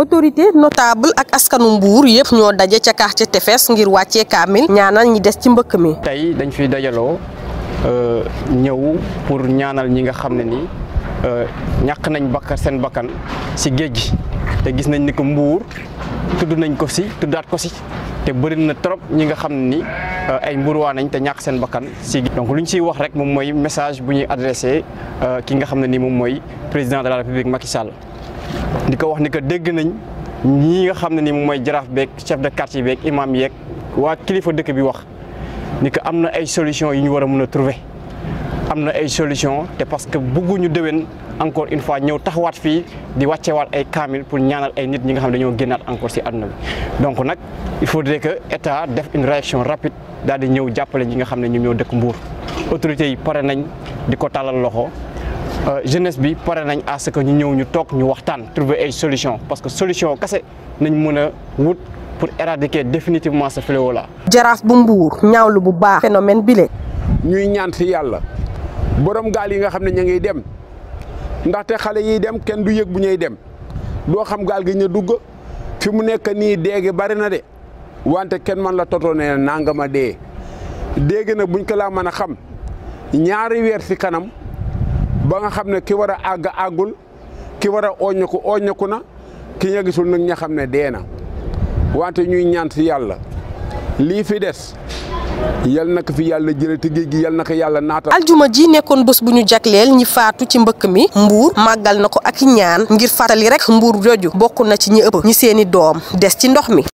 autorité notable ak askanu mbour yëpp ñoo daje ca quartier Tefes ngir wàccee kamil ñaanal ñi dess ci mbëkk mi tay dañ dajalo euh ñew pour ñaanal ñi nga xam ni euh ñak nañ bakkar sen bakkan ci géej gi te gis nañ ni ko mbour tuddu nañ ko ci tuddat ko ci te bëri na trop ñi nga xam ni euh, ay wa nañ te ñak sen bakkan ci donc luñ ci wax rek mom moy message bu ñuy euh ki nga xam ni mom moy président de la république Macky Sall diko wax ni ko dégg nañ ñi nga xamne ne ni mooy jaraf bek chef de quartier bek imam yek wa kilifa dekk bi wax ni ko amna ay solution yu ñu wara mëna trouver amna ay solution te parce que ñu déwén encore une fois ñëw taxawat fi di wal ay kamil pour ñaanal ay nit ñi nga xamne dañoo encore si aduna bi donc nak il faudrait que état def une réaction rapide dal di ñëw jappalé ñi nga xamne ñu ñoom ñoo dëkk mbuur autorités yi paré nañ diko talal loxo Euh, jeunesse bi paré nañ à ce que ñu ñëw ñu tok ñu waxtaan trouver ay solution parce que solution cassé nañ mëna a wut pour éradiquer définitivement ce fléau là. jaraaf bu mbuur ñaawlu bu baax phénomène bi lé ñuy ñant si borom gal yi nga xamné ne ña ngi dem té xalé yi dem kèn du yegg bu ñay dem do xam gal gi ñu dugg fi mu nekk nii déegi bari na dé wante kèn man la totoo ne nangama dé dégg na buñ ko la mëna xam ñaari weer ci kanam. ba nga xam ne ki war a àgg àggul ki war a oññaku oññaku na ki ña gisul nag ña xam ne dee na wante ñuy ñaan si yàlla lii fi des yal na fi yàlla jëlee ti géej gi yal na ko yàlla naatal. aljuma ji nekkoon bés bu ñu jagleel ñi faatu ci mbëkk mi mbuur màggal na ko ak ñaan ngir fàttali rek mbuur joju bokk na ci ñi ëpp ñi seeni doom des ci ndox mi.